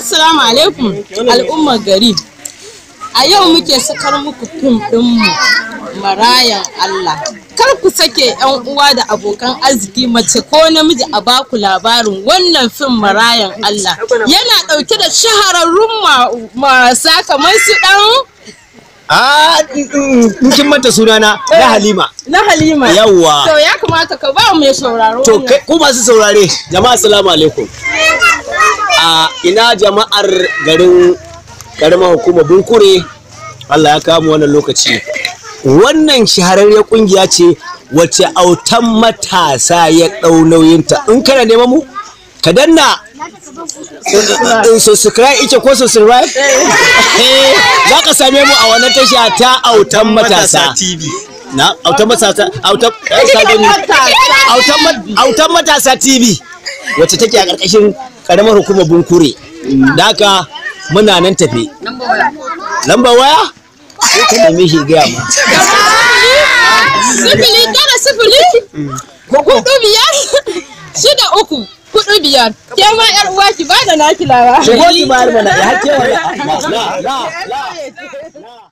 Assalamu alaikum al'ummar gari. A yau muke sakar muku fim ɗinmu marayan Allah. Kar ku sake ‘yan uwa da abokan arziki mace ko namiji a baku labarin wannan fim marayan Allah. Yana ɗauke da shahararrun marasa kamar su ɗan in kin manta sunana na Halima. Na Halima. Yawwa. To ya kamata ka ba mu ya sauraro. To ku masu saurare jama'a assalamu alaikum. a ina jama'ar garin karamar hukumar bunkure allah ya kamu wannan lokaci wannan shahararriyar kungiya ce wacce autan matasa ya ɗau nauyinta in kana neman mu ka danna subscribe ike ko subscribe za ka same mu a wannan tasha ta autan matasa tv na autan matasa autan matasa tv wacce take a ƙarƙashin ƙaramar hukumar bunkure da haka muna nan tafe lamba waya sai ka nemi shi gaya ma sifili tara sifili hudu biyar shida uku kudu biyar ke ma yar uwa ki bada naki lawa ki ba na ya ke la